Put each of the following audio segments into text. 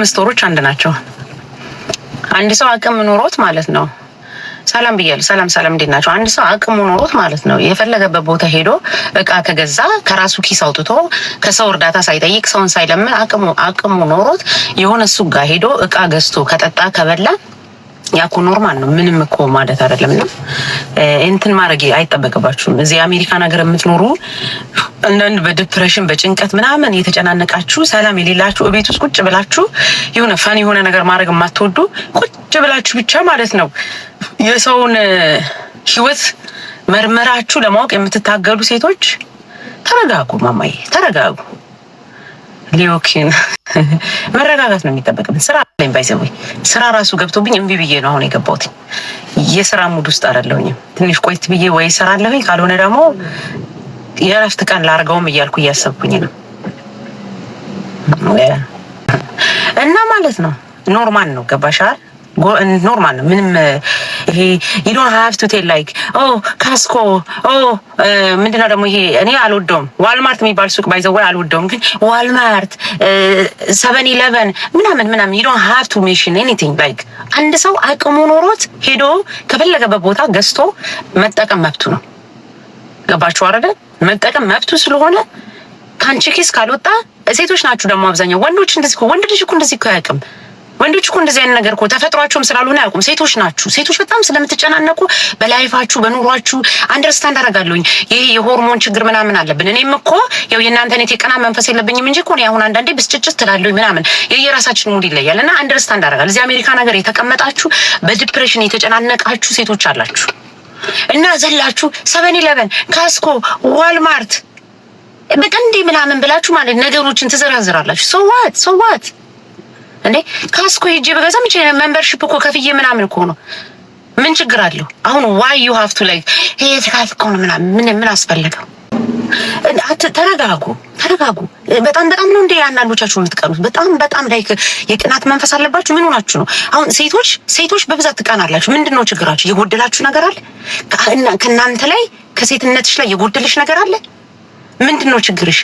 ሁሉም ስቶሮች አንድ ናቸው። አንድ ሰው አቅም ኖሮት ማለት ነው። ሰላም ብያለሁ። ሰላም ሰላም፣ እንዴት ናቸው? አንድ ሰው አቅሙ ኖሮት ማለት ነው የፈለገበት ቦታ ሄዶ እቃ ከገዛ ከራሱ ኪስ አውጥቶ ከሰው እርዳታ ሳይጠይቅ ሰውን ሳይለምን አቅሙ አቅሙ ኖሮት የሆነ እሱ ጋር ሄዶ እቃ ገዝቶ ከጠጣ ከበላ ያኮ ኖርማል ነው። ምንም እኮ ማለት አይደለም። ና እንትን ማድረግ አይጠበቅባችሁም። እዚህ አሜሪካን ሀገር የምትኖሩ አንዳንድ በዲፕሬሽን በጭንቀት ምናምን የተጨናነቃችሁ ሰላም የሌላችሁ እቤት ውስጥ ቁጭ ብላችሁ የሆነ ፈን የሆነ ነገር ማድረግ የማትወዱ ቁጭ ብላችሁ ብቻ ማለት ነው የሰውን ህይወት መርመራችሁ ለማወቅ የምትታገሉ ሴቶች ተረጋጉ። ማማዬ ተረጋጉ። ሊዮኪን መረጋጋት ነው የሚጠበቅብን። ስራ ላይ ባይዘው ስራ ራሱ ገብቶብኝ እምቢ ብዬ ነው አሁን የገባሁት። የስራ ሙድ ውስጥ አይደለሁኝም። ትንሽ ቆይት ብዬ ወይ ስራ እሰራለሁኝ፣ ካልሆነ ደግሞ የእረፍት ቀን ላርገውም እያልኩ እያሰብኩኝ ነው እና ማለት ነው ኖርማል ነው ገባሻል? ኖርማል ነው ምንም ይሄ ዩ ዶንት ሃቭ ቱ ቴል ላይክ ኦ ካስኮ ኦ ምንድነው ደግሞ ይሄ እኔ አልወደውም። ዋልማርት የሚባል ሱቅ ባይዘወር አልወደውም፣ ግን ዋልማርት ሰቨን ኢለቨን ምናምን ምናምን ዩ ዶንት ሃቭ ቱ ሜሽን ኤኒቲንግ ላይክ አንድ ሰው አቅሙ ኖሮት ሄዶ ከፈለገበት ቦታ ገዝቶ መጠቀም መብቱ ነው። ገባችሁ አረደ መጠቀም መብቱ ስለሆነ ከአንቺ ኪስ ካልወጣ ሴቶች ናችሁ ደግሞ አብዛኛው ወንዶች እንደዚህ ወንድ ልጅ እኮ እንደዚህ እኮ አያውቅም። ወንዶች እኮ እንደዚህ አይነት ነገር እኮ ተፈጥሯቸውም ስላልሆነ አያውቁም። ሴቶች ናችሁ። ሴቶች በጣም ስለምትጨናነቁ በላይፋችሁ በኑሯችሁ አንደርስታንድ አደርጋለሁኝ። ይሄ የሆርሞን ችግር ምናምን አለብን። እኔም እኮ ያው የእናንተ ኔት የቀና መንፈስ የለብኝም እንጂ እኮ አሁን አንዳንዴ ብስጭጭት ትላለሁኝ ምናምን። የራሳችን ሙድ ይለያል እና አንደርስታንድ አደርጋለሁ። እዚህ አሜሪካ ነገር የተቀመጣችሁ በዲፕሬሽን የተጨናነቃችሁ ሴቶች አላችሁ እና ዘላችሁ ሰቨን ኢለቨን ካስኮ ዋልማርት በቀንዴ ምናምን ብላችሁ ማለት ነገሮችን ትዘረዝራላችሁ። ሰዋት ሰዋት እንዴ ካስኮ ሄጄ በገዛ ምንጭ ሜምበርሺፕ እኮ ከፍዬ ምናምን እኮ ነው። ምን ችግር አለው አሁን? ዋይ ዩ ሃቭ ቱ ላይክ ይሄ ትካት እኮ ነው ምናምን ምን ምን አስፈለገው? ተረጋጉ፣ ተረጋጉ። በጣም በጣም ነው እንደ አንዳንዶቻችሁ የምትቀኑት። በጣም በጣም ላይክ የቅናት መንፈስ አለባችሁ። ምን ሆናችሁ ነው አሁን? ሴቶች ሴቶች በብዛት ትቀናላችሁ። ምንድን ነው ችግራችሁ? የጎደላችሁ ነገር አለ ከእናንተ ላይ ከሴትነትሽ ላይ የጎደለሽ ነገር አለ። ምንድን ነው ችግርሽ?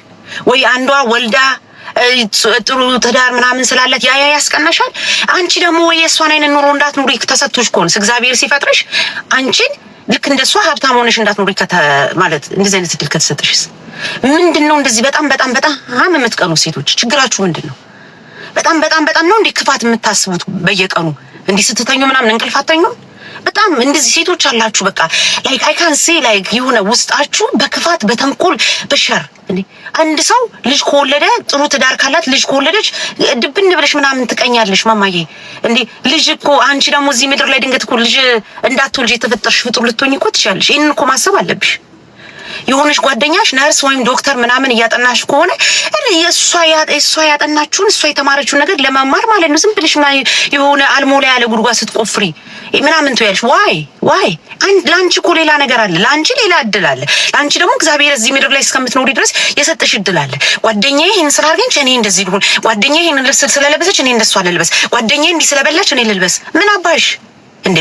ወይ አንዷ ወልዳ ጥሩ ትዳር ምናምን ስላላት ያ ያ ያስቀናሻል። አንቺ ደግሞ የእሷን አይነት ኑሮ እንዳትኑሪ ተሰቶች ከሆንስ እግዚአብሔር ሲፈጥርሽ አንቺን ልክ እንደሷ ሀብታም ሆነሽ እንዳትኖሪ ማለት እንደዚህ አይነት እድል ከተሰጥሽስ ምንድን ነው? እንደዚህ በጣም በጣም በጣም የምትቀኑ ሴቶች ችግራችሁ ምንድን ነው? በጣም በጣም በጣም ነው እንዴ ክፋት የምታስቡት በየቀኑ እንዲህ ስትተኙ ምናምን እንቅልፍ አተኙም? በጣም እንደዚህ ሴቶች አላችሁ በቃ ላይክ አይ ካን ሴ ላይክ የሆነ ውስጣችሁ በክፋት በተንኮል በሸር አንድ ሰው ልጅ ከወለደ ጥሩ ትዳር ካላት ልጅ ከወለደች ድብን ብለሽ ምናምን ትቀኛለሽ። ማማዬ እንዴ ልጅ እኮ አንቺ ደግሞ እዚህ ምድር ላይ ድንገት እኮ ልጅ እንዳትወልጅ የተፈጠርሽ ፍጡር ልትሆኝ እኮ ትችላለሽ። ይህንን እኮ ማሰብ አለብሽ። የሆነች ጓደኛሽ ነርስ ወይም ዶክተር ምናምን እያጠናሽ ከሆነ እሷ ያጠናችሁን እሷ የተማረችውን ነገር ለመማር ማለት ነው። ዝም ብልሽ የሆነ አልሞላ ያለ ጉድጓ ስትቆፍሪ ምናምን ትያለሽ። ዋይ ዋይ! ለአንቺ እኮ ሌላ ነገር አለ። ለአንቺ ሌላ እድል አለ። ለአንቺ ደግሞ እግዚአብሔር እዚህ ምድር ላይ እስከምትኖሪ ድረስ የሰጠሽ እድል አለ። ጓደኛ ይህን አርገንች እኔ እንደዚህ ልሁን፣ ይህን ልብስ ስለለበሰች እኔ እንደሷ ልልበስ፣ ጓደኛ እንዲህ ስለበላች እኔ ልልበስ። ምን አባሽ እንዴ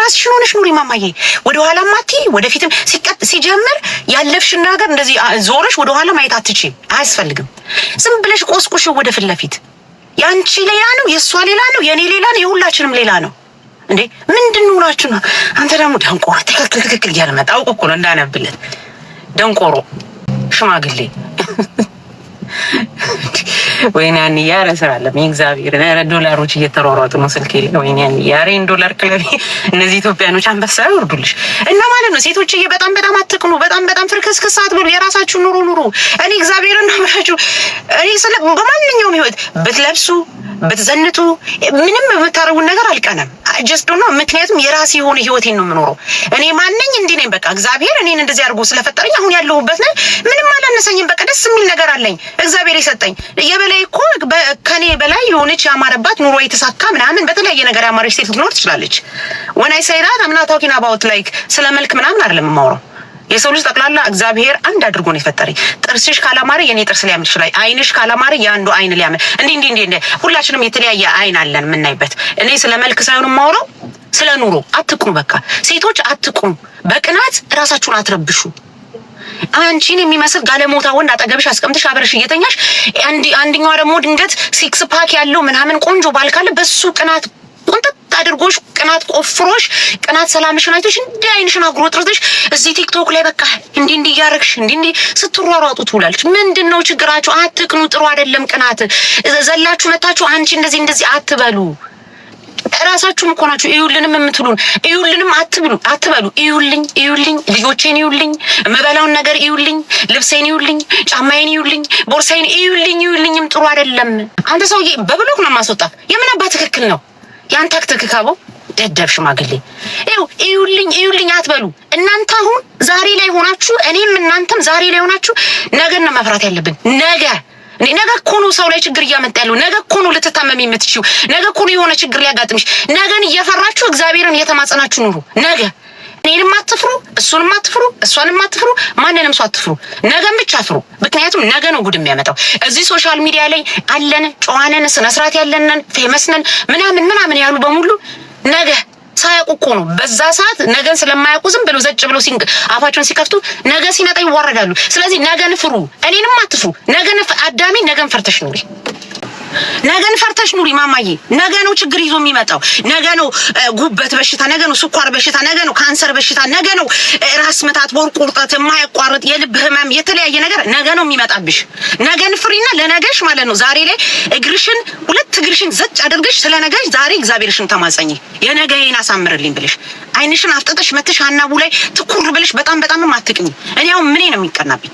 ራስሽ የሆነሽ ኑሪ ማማዬ። ወደ ኋላ ማቲ ወደፊትም ሲቀጥ ሲጀምር ያለፍሽን ነገር እንደዚህ ዞረሽ ወደ ኋላ ማየት አትቺ፣ አያስፈልግም። ዝም ብለሽ ቆስቁሽ ወደ ፊት ለፊት። የአንቺ ሌላ ነው፣ የእሷ ሌላ ነው፣ የእኔ ሌላ ነው፣ የሁላችንም ሌላ ነው። እንዴ ምንድን ነው ሁላችሁ ነው? አንተ ደግሞ ደንቆሮ፣ ትክክል ትክክል እያለ መጣ። አውቅ እኮ ነው እንዳነብለት ደንቆሮ ሽማግሌ ወይኔ ያን ኧረ ስራ አለም እግዚአብሔር ኧረ ዶላሮች እየተሯሯጡ ነው ስልክ የለ ወይኔ አንዬ ኧረ ዶላር ክለቤ እነዚህ ኢትዮጵያኖች አንበሳ ይወርዱልሽ እና ማለት ነው ሴቶችዬ በጣም በጣም አትቅኑ በጣም በጣም ፍርክስክስ አትበሉ የራሳችሁ ኑሩ ኑሩ እኔ እግዚአብሔርን ነው የምላችሁ እኔ ስለ በማንኛውም ህይወት ብትለብሱ ብትዘንጡ ምንም የምታደርጉን ነገር አልቀነም ጀስት ዶኖ ምክንያቱም የራሴ የሆነ ህይወቴን ነው የምኖረው እኔ ማነኝ እንዲህ ነኝ በቃ እግዚአብሔር እኔን እንደዚህ አድርጎ ስለፈጠረኝ አሁን ያለሁበት ነኝ ምንም አላነሰኝም በቃ ደስ የሚል ነገር አለኝ እግዚአብሔር የሰጠኝ የበላይ ላይ እኮ ከኔ በላይ የሆነች ያማረባት ኑሮ የተሳካ ምናምን በተለያየ ነገር ያማረች ሴት ልትኖር ትችላለች። ወናይ ሳይዳት አምና ታኪን አባውት ላይክ ስለ መልክ ምናምን አይደለም የማወራው። የሰው ልጅ ጠቅላላ እግዚአብሔር አንድ አድርጎ ነው የፈጠረኝ። ጥርስሽ ካላማረ የኔ ጥርስ ሊያምር ይችላል። አይንሽ ካላማረ የአንዱ አይን ሊያምር እንዲህ እንዲህ እንዲህ። ሁላችንም የተለያየ አይን አለን የምናይበት። እኔ ስለ መልክ ሳይሆን የማውረው ስለ ኑሮ። አትቁም፣ በቃ ሴቶች አትቁም፣ በቅናት እራሳችሁን አትረብሹ። አንቺን የሚመስል ጋለሞታ ወንድ አጠገብሽ አስቀምጥሽ አብረሽ እየተኛሽ፣ አንደኛዋ ደግሞ ድንገት ሲክስ ፓክ ያለው ምናምን ቆንጆ ባል ካለ በሱ ቅናት ቁንጥጥ አድርጎሽ ቅናት ቆፍሮሽ ቅናት ሰላምሽን አይቶሽ እንዲህ አይንሽን አጉሮጥርጥሽ እዚህ ቲክቶክ ላይ በቃ እንዲ እንዲ እያረግሽ እንዲ እንዲ ስትሯሯጡ ትውላለች። ምንድን ነው ችግራችሁ? አትቅኑ። ጥሩ አይደለም ቅናት። ዘላችሁ መታችሁ አንቺ እንደዚህ እንደዚህ አትበሉ። እራሳችሁም እኮ ናችሁ እዩልንም የምትሉን። እዩልንም አትብሉ አትበሉ። እዩልኝ እዩልኝ፣ ልጆቼን እዩልኝ፣ የምበላውን ነገር እዩልኝ፣ ልብሴን እዩልኝ፣ ጫማዬን እዩልኝ፣ ቦርሳዬን እዩልኝ። እዩልኝም ጥሩ አይደለም። አንተ ሰውዬ በብሎክ ነው ማስወጣት። የምን አባ ትክክል ነው ያን ታክቲክ ደደብ ሽማግሌ ይው እዩልኝ እዩልኝ አትበሉ። እናንተ አሁን ዛሬ ላይ ሆናችሁ እኔም እናንተም ዛሬ ላይ ሆናችሁ ነገን ነው መፍራት ያለብን ነገ ነገ እኮ ነው ሰው ላይ ችግር እያመጣ ያለው። ነገ እኮ ነው ልትታመም የምትችው። ነገ እኮ ነው የሆነ ችግር ሊያጋጥምሽ። ነገን እየፈራችሁ እግዚአብሔርን እየተማጸናችሁ ኑሩ። ነገ እኔንም አትፍሩ፣ እሱንም አትፍሩ፣ እሷንም አትፍሩ፣ ማንንም ሰው አትፍሩ። ነገን ብቻ ፍሩ። ምክንያቱም ነገ ነው ጉድ የሚያመጣው። እዚህ ሶሻል ሚዲያ ላይ አለን፣ ጨዋነን፣ ስነስርዓት ያለንን፣ ፌመስነን ምናምን ምናምን ያሉ በሙሉ ነገ ሳያውቁ እኮ ነው። በዛ ሰዓት ነገን ስለማያውቁ ዝም ብለው ዘጭ ብለው አፋቸውን ሲከፍቱ ነገ ሲመጣ ይዋረዳሉ። ስለዚህ ነገን ፍሩ፣ እኔንም አትፍሩ። ነገን አዳሚ ነገን ፈርተሽ ኑሪ። ነገን ፈርተሽ ኑሪ ማማዬ። ነገ ነው ችግር ይዞ የሚመጣው፣ ነገ ነው ጉበት በሽታ፣ ነገ ነው ስኳር በሽታ፣ ነገ ነው ካንሰር በሽታ፣ ነገ ነው ራስ ምታት፣ ወር ቁርጠት፣ የማያቋርጥ የልብ ህመም፣ የተለያየ ነገር ነገ ነው የሚመጣብሽ። ነገን ፍሪና ለነገሽ ማለት ነው። ዛሬ ላይ እግርሽን ሁለት እግርሽን ዘጭ አድርገሽ ስለ ነገሽ ዛሬ እግዚአብሔርሽን ተማጸኝ። የነገዬን አሳምርልኝ ብለሽ አይንሽን አፍጥጠሽ መትሽ ሀናቡ ላይ ትኩር ብለሽ በጣም በጣም አትቅኝ። እኔ አሁን ምኔ ነው የሚቀናብኝ?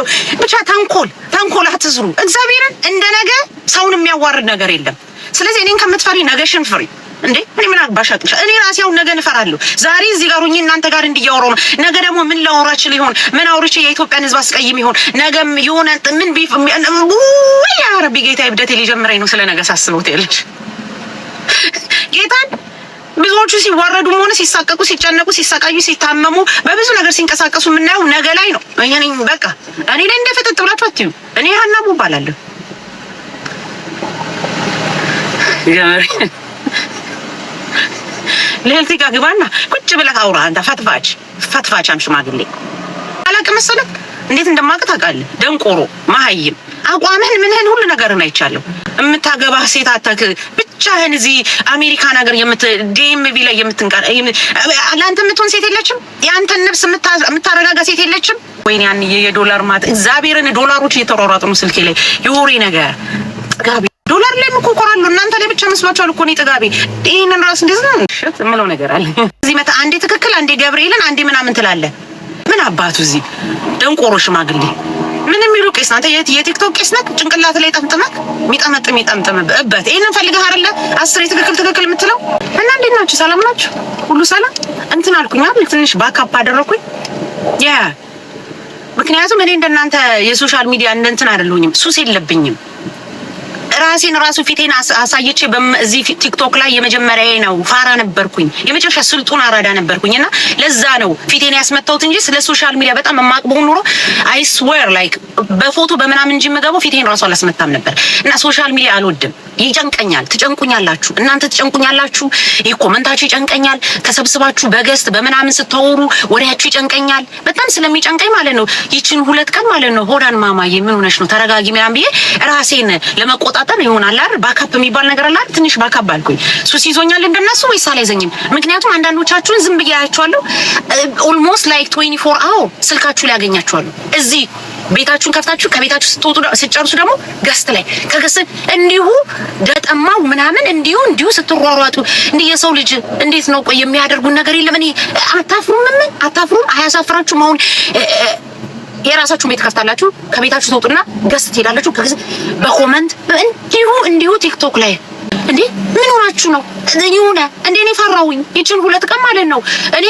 ነው። ብቻ ተንኮል ተንኮል አትስሩ። እግዚአብሔርን እንደ ነገ ሰውን የሚያዋርድ ነገር የለም። ስለዚህ እኔን ከምትፈሪ ነገሽን ፍሪ። እንዴ እኔ ምን አግባሽ እኔ ራሴ አሁን ነገ እንፈራለሁ። ዛሬ እዚህ ጋር ሆኜ እናንተ ጋር እንዲያወራው ነው። ነገ ደግሞ ምን ላወራ እችል ይሆን? ምን አውርቼ የኢትዮጵያን ሕዝብ አስቀይም ይሆን? ነገም የሆነ ምን ቢፍ ወይ አረብ ጌታ ይብደቴ ሊጀምረኝ ነው። ስለ ነገ ሳስበው ትያለች ጌታን ብዙዎቹ ሲዋረዱ ሆነ ሲሳቀቁ፣ ሲጨነቁ፣ ሲሰቃዩ፣ ሲታመሙ በብዙ ነገር ሲንቀሳቀሱ የምናየው ነገ ላይ ነው። እኔ በቃ እኔ ላይ እንደፈጠጥ ብላችሁ አትዩ። እኔ ሀናቡ እባላለሁ። ልዕልት ጋር ግባና ቁጭ ብለህ አውራ። አንተ ፈትፋች ፈትፋቻም ሽማግሌ አላውቅም መሰለህ። እንዴት እንደማውቅ ታውቃለህ? ደንቆሮ መሀይም አቋምህን ምንህን ሁሉ ነገርን አይቻለሁ። የምታገባህ ሴት አታክ ብቻህን እዚህ አሜሪካን ሀገር ዲኤምቪ ላይ የምትንቀር ለአንተ የምትሆን ሴት የለችም። የአንተን ነፍስ የምታረጋጋ ሴት የለችም። ወይኔ ያን የዶላር ማት እግዚአብሔርን ዶላሮች እየተሯሯጡ ነው ስልኬ ላይ የወሬ ነገር ጥጋቢ ዶላር ላይ ምኮኮራሉ እናንተ ላይ ብቻ መስሏችኋል እኮ እኔ ጥጋቢ። ይህንን ራስ እንደዚህ ነው ሽት የምለው ነገር አለ እዚህ መታ አንዴ ትክክል አንዴ ገብርኤልን አንዴ ምናምን ትላለ። ምን አባቱ እዚህ ደንቆሮ ሽማግሌ ምን የሚሉ ቄስ ናት? የቲክቶክ ቄስ ናት። ጭንቅላት ላይ ጠምጥመህ የሚጠመጥም ይጠምጥምበት። ይሄንን ፈልገህ አይደለ አስር ትክክል ትክክል የምትለው እና እንዴት ናችሁ? ሰላም ናችሁ? ሁሉ ሰላም እንትን አልኩኝ አይደል? ትንሽ ባካፕ አደረኩኝ። ያ ምክንያቱም እኔ እንደናንተ የሶሻል ሚዲያ እንደ እንትን አይደለሁኝም፣ ሱስ የለብኝም። ራሴን ራሱ ፊቴን አሳይቼ እዚህ ቲክቶክ ላይ የመጀመሪያ ነው ፋራ ነበርኩኝ፣ የመጨረሻ ስልጡን አራዳ ነበርኩኝ። እና ለዛ ነው ፊቴን ያስመታሁት እንጂ ስለ ሶሻል ሚዲያ በጣም የማቅበው ኑሮ አይ ላይክ በፎቶ በምናምን እንጂ የምገባው ፊቴን ራሱ አላስመታም ነበር። እና ሶሻል ሚዲያ አልወድም። ይጨንቀኛል። ትጨንቁኛላችሁ፣ እናንተ ትጨንቁኛላችሁ። ይህ ኮመንታችሁ ይጨንቀኛል። ተሰብስባችሁ በገስት በምናምን ስታወሩ ወሬያችሁ ይጨንቀኛል። በጣም ስለሚጨንቀኝ ማለት ነው ይችን ሁለት ቀን ማለት ነው ሆዳን ማማዬ ምን ሆነሽ ነው ተረጋጊ ምናምን ብዬ ራሴን ለመቆጣጠር ይሆናል አይደል ባካፕ የሚባል ነገር አለ አይደል ትንሽ ባካፕ አልኩኝ። ሱስ ይዞኛል እንደነሱ ወይስ አላይዘኝም? ምክንያቱም አንዳንዶቻችሁን ዝም ብዬ አያችኋለሁ ኦልሞስት ላይክ 24 አወር ስልካችሁ ላይ ያገኛችኋለሁ እዚህ ቤታችሁን ከፍታችሁ ከቤታችሁ ስትወጡ ስትጨርሱ ደግሞ ገስት ላይ ከገስ እንዲሁ ደጠማው ምናምን እንዲሁ እንዲሁ ስትሯሯጡ እንዲህ የሰው ልጅ እንዴት ነው ቆይ የሚያደርጉን ነገር የለም። እኔ አታፍሩም? ምን አታፍሩም? አያሳፍራችሁም? አሁን የራሳችሁን ቤት ከፍታላችሁ ከቤታችሁ ትወጡና ገስት ትሄዳላችሁ። ከገስ በኮመንት እንዲሁ እንዲሁ ቲክቶክ ላይ እንዴ ምን ሆናችሁ ነው? ይሁነ እንዴ እኔ ፈራሁኝ። ይችን ሁለት ቀን ማለት ነው እኔ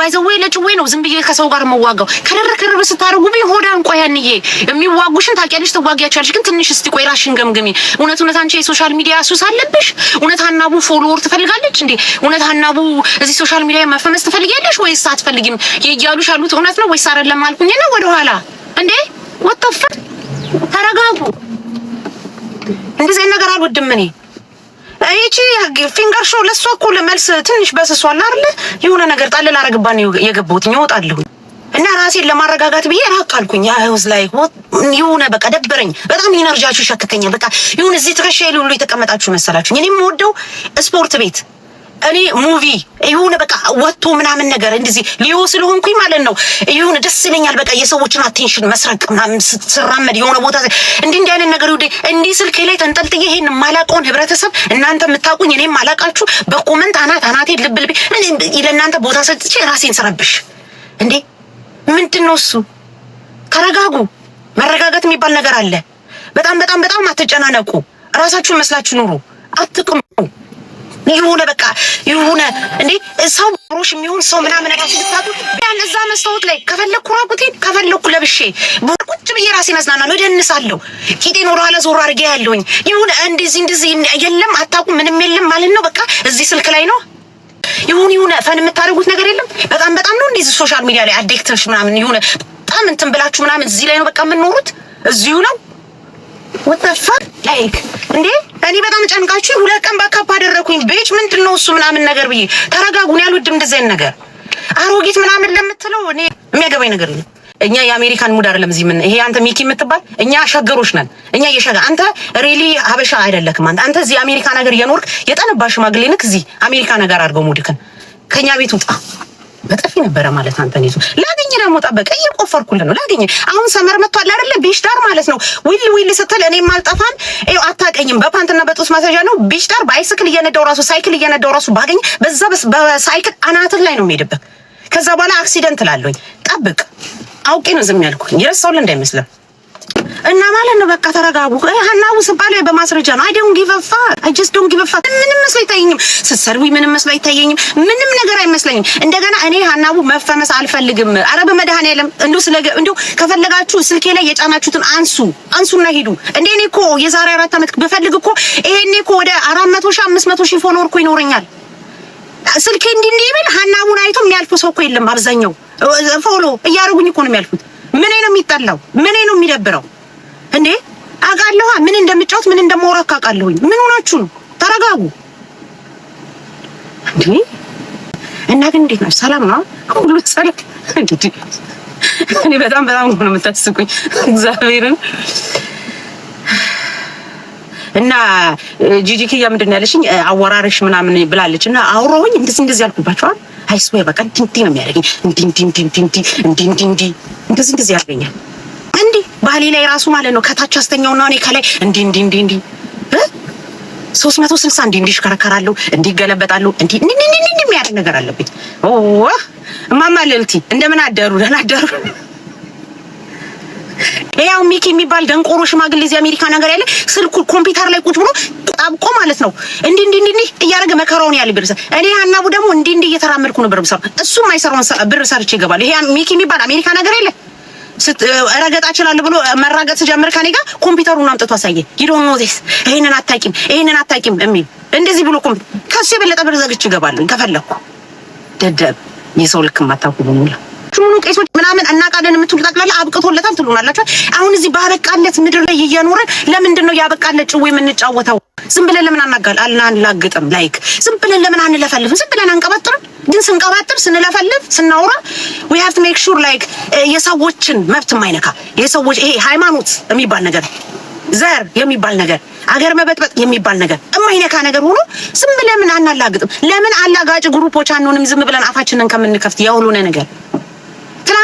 ባይዘዌ ለጭዌ ነው ዝም ብዬ ከሰው ጋር መዋጋው። ከርር ከርር ስታደርጉ ቢ ሆዳ እንቋ ያንዬ የሚዋጉሽን ታውቂያለሽ፣ ትዋጊያቻለሽ። ግን ትንሽ እስቲ ቆይ ራሽን ገምግሚ። እውነት እውነት አንቺ የሶሻል ሚዲያ ሱስ አለብሽ። እውነት ሀናቡ ፎሎወር ትፈልጋለች እንዴ? እውነት ሀናቡ እዚህ ሶሻል ሚዲያ መፈመስ ትፈልጊያለሽ ወይስ አትፈልጊም? የእያሉሽ ያሉት እውነት ነው ወይስ አይደለም አልኩኝ ነው ወደኋላ እንዴ ወጣፈ ተረጋጉ። እንደዚህ ነገር አልወድም እኔ ይቺ ፊንገር ሾ ለእሷ እኮ ለመልስ ትንሽ በስሷ አለ አይደለ? የሆነ ነገር ጣል ላረግባን የገባሁት እወጣለሁ እና ራሴን ለማረጋጋት ብዬ ራቅ አልኩኝ። አይውዝ ላይ የሆነ በቃ ደበረኝ። በጣም ኢነርጂያችሁ ይሸክከኛል። በቃ የሆነ እዚህ ትከሻ ሁሉ የተቀመጣችሁ መሰላችሁ። እኔም ወደው ስፖርት ቤት እኔ ሙቪ ይሁን በቃ ወጥቶ ምናምን ነገር እንደዚህ ሊዮ ስለሆንኩኝ ማለት ነው ይሁን ደስ ይለኛል። በቃ የሰዎችን አቴንሽን መስረቅ ምናምን ስራመድ የሆነ ቦታ እንዲህ እንዲህ አይነት ነገር ይሁዴ እንዲህ ስልኬ ላይ ተንጠልጥዬ ይሄን የማላውቀውን ህብረተሰብ እናንተ የምታውቁኝ እኔም የማላውቃችሁ በኮመንት አናት አናቴ ልብ ልቤ ለእናንተ ቦታ ሰጥቼ ራሴን ስረብሽ እንዴ ምንድን ነው እሱ? ተረጋጉ። መረጋጋት የሚባል ነገር አለ። በጣም በጣም በጣም አትጨናነቁ። ራሳችሁን መስላችሁ ኑሩ። አትቅሙ። የሆነ በቃ የሆነ እንዴ ሰው ብሮሽ የሚሆን ሰው ምናምን ራሱ ልታቱ ያን እዛ መስታወት ላይ ከፈለግኩ ራቁቴን ከፈለግኩ ለብሼ ቁጭ ብዬ ራሴን አዝናናለሁ፣ እደንሳለሁ፣ ቂጤን ኋላ ዞር አድርጌ ያለውኝ የሆነ እንደዚህ እንደዚህ የለም አታውቁ ምንም የለም ማለት ነው። በቃ እዚህ ስልክ ላይ ነው ይሁን የሆነ ፈን የምታደርጉት ነገር የለም። በጣም በጣም ነው እንደዚህ ሶሻል ሚዲያ ላይ አዴክትሽ ምናምን የሆነ በጣም እንትን ብላችሁ ምናምን እዚህ ላይ ነው በቃ የምንኖሩት እዚሁ ነው። ወጣፋ እንዴ እኔ በጣም ጨንቃችሁ ሁለት ቀን ባካፕ አደረኩኝ። ቤች ምንድን ነው እሱ ምናምን ነገር ብዬ ተረጋጉን ያልወድም እንደዚህ ነገር አሮጊት ምናምን ለምትለው እኔ የሚያገባኝ ነገር የለም። እኛ የአሜሪካን ሙድ አይደለም እዚህ ምን ይሄ አንተ ሚኪ የምትባል እኛ ሸገሮች ነን። እኛ የሸጋ አንተ ሬሊ ሀበሻ አይደለክም። አንተ አንተ እዚህ አሜሪካን ሀገር የኖርክ የጠነባ ሽማግሌ ነክ እዚህ አሜሪካን ሀገር አድርገው ሙድክን ከኛ ቤት ውጣ። በጥፍ ነበረ ማለት አንተን ይዞ ላገኝ ነው ሞጣ በቃ እየቆፈርኩልን ነው ላገኝ። አሁን ሰመር መጥቷል አይደለ? ቢሽዳር ማለት ነው። ዊል ዊል ስትል እኔም አልጠፋን። ይኸው አታቀኝም። በፓንትና በጡስ ማስረጃ ነው። ቢሽዳር ባይስክል እየነዳው ራሱ ሳይክል እየነዳው ራሱ ባገኝ በዛ በሳይክል አናትን ላይ ነው የሚሄድብህ። ከዛ በኋላ አክሲደንት ላለኝ ጠብቅ። አውቄ ነው ዝም ያልኩኝ። ይረሳውል እንዳይመስልም እና ማለት ነው በቃ ተረጋጉ። ሀናቡ ስባል በማስረጃ ነው። አይ ዶንት ጊቭ አፋ አይ ጀስት ዶንት ጊቭ አፋ። ምንም መስሎ አይታየኝም፣ ስትሰርቢ ምንም መስሎ አይታየኝም፣ ምንም ነገር አይመስለኝም። እንደገና እኔ ሀናቡ መፈመስ አልፈልግም። ኧረ በመድኃኔዓለም እንደው ስለ እንደው ከፈለጋችሁ ስልኬ ላይ የጫናችሁትን አንሱ አንሱና ሂዱ። እንዴ እኔ እኮ የዛሬ አራት ዓመት በፈልግ እኮ ይሄኔ እኮ ወደ አራት መቶ ሺህ አምስት መቶ ሺህ ፎሎወር እኮ ይኖረኛል። ስልኬ እንዲህ እንዲህ ይበል ሀናቡን አይቶ የሚያልፈው ሰው እኮ የለም። አብዛኛው ፎሎ እያደረጉኝ እኮ ነው የሚያልፉት። ምን ነው የሚጠላው? ምን ነው የሚደብረው? እንዴ አውቃለሁ። ምን እንደምጫወት ምን እንደማወራ አውቃለሁኝ። ምን ሆናችሁ ነው? ተረጋጉ። እንዴ እና ግን እንዴት ነው? ሰላም ነው? ሁሉ ሰላም። እኔ በጣም በጣም ነው የምታስቁኝ። እግዚአብሔርን እና ጂጂ ኪያ ምንድን ነው ያለሽኝ? አወራረሽ ምናምን ብላለች እና አውሮኝ እንደዚህ እንደዚህ አልኩባቸዋል። ወይ በቃ እንዲህ ነው የሚያደርገኝ። እንዲህ እንዲህ እንዲህ እንዲህ እንዲህ እንዲህ እንዲህ እንደዚህ እንደዚህ ያደርገኛል። ባሌ ላይ ራሱ ማለት ነው ከታች አስተኛውና እኔ ከላይ እንዲህ እንዲህ እንዲህ እንዲህ ሶስት መቶ ስልሳ እንዲህ እንዲህ እሽከረከራለሁ እንዲህ እገለበጣለሁ እንዲህ እንዲህ እንዲህ እንዲህ የሚያደርግ ነገር አለብኝ። ኦ እማማ ልዕልቲ እንደምን አደሩ? ደህና አደሩ። ያው ሚኪ የሚባል ደንቆሮ ሽማግሌ እዚህ አሜሪካ ነገር ያለ ስልኩ ኮምፒውተር ላይ ቁጭ ብሎ ጣብቆ ማለት ነው እንዲህ እንዲህ እንዲህ እያደረገ መከራውን ያለ ብር ሰ እኔ ሀናቡ ደግሞ እንዲህ እንዲህ እየተራመድኩ ነው ብር ብሰራ እሱም አይሰራውን ብር ሰርቼ ይገባል። ይሄ ሚኪ የሚባል አሜሪካ ነገር የለ ረገጣ እችላለሁ ብሎ መራገጥ ስጀምር ከኔ ጋር ኮምፒውተሩን አምጥቶ አሳየ ይዶን ኖዚስ ይሄንን አታቂም፣ ይሄንን አታቂም የሚል እንደዚህ ብሎ ኮምፒውተር ከሱ የበለጠ ብር ዘግቼ እገባለሁ ከፈለኩ። ደደብ የሰው ልክ ማታውቁ በሙላ ሁላችሁ ሁኑ ቄሶች ምናምን እናቃለን የምትሉ ጠቅላላ አብቅቶለታል ትሉናላችሁ። አሁን እዚህ ባበቃለት ምድር ላይ እየኖርን ለምንድን ነው ያበቃለት ጭው የምንጫወተው? ዝም ብለን ለምን አናጋል አናላግጥም? ላይክ ዝም ብለን ለምን አንለፈልፍም? ዝም ብለን አንቀባጥርም? ግን ስንቀባጥር፣ ስንለፈልፍ፣ ስናወራ we have to make sure like የሰዎችን መብት ማይነካ የሰዎች ይሄ ሃይማኖት የሚባል ነገር ዘር የሚባል ነገር አገር መበጥበጥ የሚባል ነገር የማይነካ ነገር ሆኖ ዝም ብለን አናላግጥም? ለምን አላጋጭ ግሩፖች አንሆንም? ዝም ብለን አፋችንን ከምንከፍት የሆነ ነገር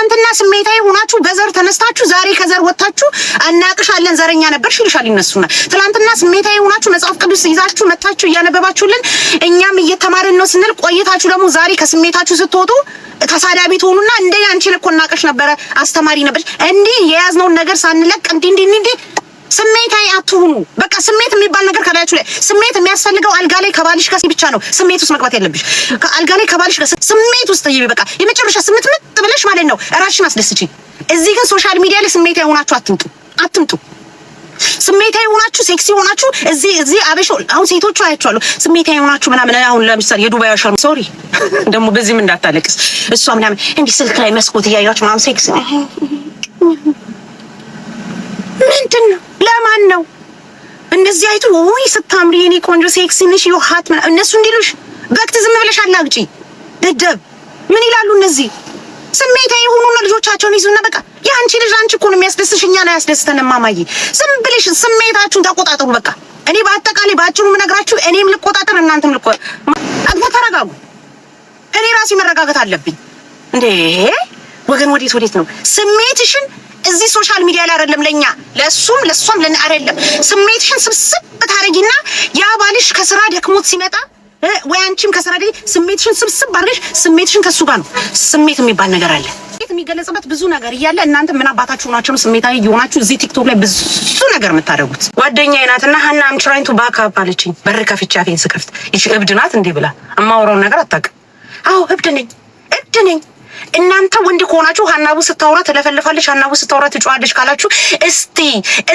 ትናንትና ስሜታዊ ሆናችሁ በዘር ተነስታችሁ ዛሬ ከዘር ወጥታችሁ እናቅሻለን ዘረኛ ነበርሽ ይልሻል ይነሱና። ትናንትና ስሜታዊ ሆናችሁ መጽሐፍ ቅዱስ ይዛችሁ መታችሁ እያነበባችሁልን እኛም እየተማርን ነው ስንል ቆይታችሁ ደግሞ ዛሬ ከስሜታችሁ ስትወጡ ተሳዳቢ ትሆኑና እንደ አንቺን እኮ እናቀሽ ነበረ አስተማሪ ነበርሽ እንዲህ የያዝነውን ነገር ሳንለቅ እንዲህ እንዲህ እንዲህ ስሜታዊ አትሁኑ። በቃ ስሜት የሚባል ነገር ከላያችሁ ላይ ስሜት የሚያስፈልገው አልጋ ላይ ከባልሽ ጋር ብቻ ነው። ስሜት ውስጥ መግባት የለብሽ። አልጋ ላይ ከባልሽ ጋር ስሜት ውስጥ ይሄ በቃ የመጨረሻ ስምት ምጥ ብለሽ ማለት ነው ራስሽን አስደስቺ። እዚህ ግን ሶሻል ሚዲያ ላይ ስሜታዊ ሆናችሁ አትምጡ፣ አትምጡ። ስሜታዊ የሆናችሁ ሴክሲ የሆናችሁ እዚህ እዚህ አበሾ አሁን ሴቶቹ አያችኋለሁ። ስሜታዊ የሆናችሁ ምናምን አሁን ለምሳሌ የዱባይ ሻር ሶሪ ደግሞ በዚህም እንዳታለቅስ እሷ ምናምን እንዲህ ስልክ ላይ መስኮት እያያችሁ ምናምን ሴክስ ምንድን ነው ማን ነው እንደዚህ አይቶ ወይ ስታምሪ የኔ ቆንጆ ሴክሲ ነሽ ይውሃት እነሱ እንዲሉሽ በክት ዝም ብለሽ አላግጪ ደደብ ምን ይላሉ እነዚህ ስሜታዊ የሆኑና ልጆቻቸውን ይዙና በቃ የአንቺ ልጅ አንቺ እኮ ነው የሚያስደስሽ እኛን አያስደስተንም ማማዬ ዝም ብለሽ ስሜታችሁን ተቆጣጠሩ በቃ እኔ በአጠቃላይ ባጭሩ ምነግራችሁ እኔም ልቆጣጠር እናንተም ልቆ አግባ ተረጋጉ እኔ ራሴ መረጋጋት አለብኝ እንዴ ወገን ወዴት ወዴት ነው ስሜትሽን እዚህ ሶሻል ሚዲያ ላይ አይደለም፣ ለኛ ለሱም ለሷም ለኔ አይደለም። ስሜትሽን ስብስብ ታረጊና ያ ባልሽ ከስራ ደክሞት ሲመጣ ወይ አንቺም ከስራ ደግ ስሜትሽን ስብስብ አድርገሽ ስሜትሽን ከሱ ጋር ነው። ስሜት የሚባል ነገር አለ ስሜት የሚገለጽበት ብዙ ነገር እያለ እናንተ ምን አባታችሁ ናቸው ስሜታዊ የሆናችሁ እዚህ ቲክቶክ ላይ ብዙ ነገር የምታደርጉት? ጓደኛዬ ናት እና ሀና አም ትራይንግ ቱ ባክ አፕ አለችኝ። በር ከፍቼ አፌን ስከፍት ይቺ እብድ ናት እንዴ ብላ እማወራውን ነገር አታውቅም። አዎ እብድ ነኝ እብድ ነኝ እናንተ ወንድ ከሆናችሁ ሀናቡ ስታወራ ትለፈልፋለች፣ ሀናቡ ስታወራ ትጮሃለች ካላችሁ እስቲ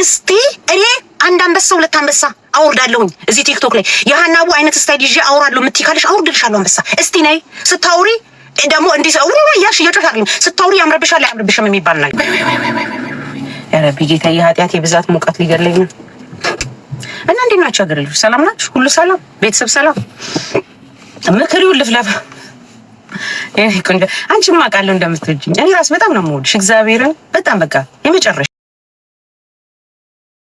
እስቲ እኔ አንድ አንበሳ ሁለት አንበሳ አውርዳለሁኝ እዚህ ቲክቶክ ላይ የሀናቡ አይነት ስታይል ይዤ አውራለሁ የምትይ ካለች አውርድልሻለሁ አንበሳ። እስቲ ነይ ስታውሪ ደግሞ እንዲህ ሰው እያልሽ እየጮሽ አይደለም ስታውሪ ያምረብሻል አያምረብሽም የሚባል ነገር። ኧረ ቢጌታ የኃጢአት የብዛት ሙቀት ሊገለኝ ነው። እና እንዴት ናቸው ሀገር ልጆች? ሰላም ናችሁ? ሁሉ ሰላም? ቤተሰብ ሰላም? ምክሪውን ልፍለፋ አንቺ ማ አውቃለሁ እንደምትወጂኝ እኔ ራስ በጣም ነው የምወድሽ። እግዚአብሔርን በጣም በቃ የመጨረሻ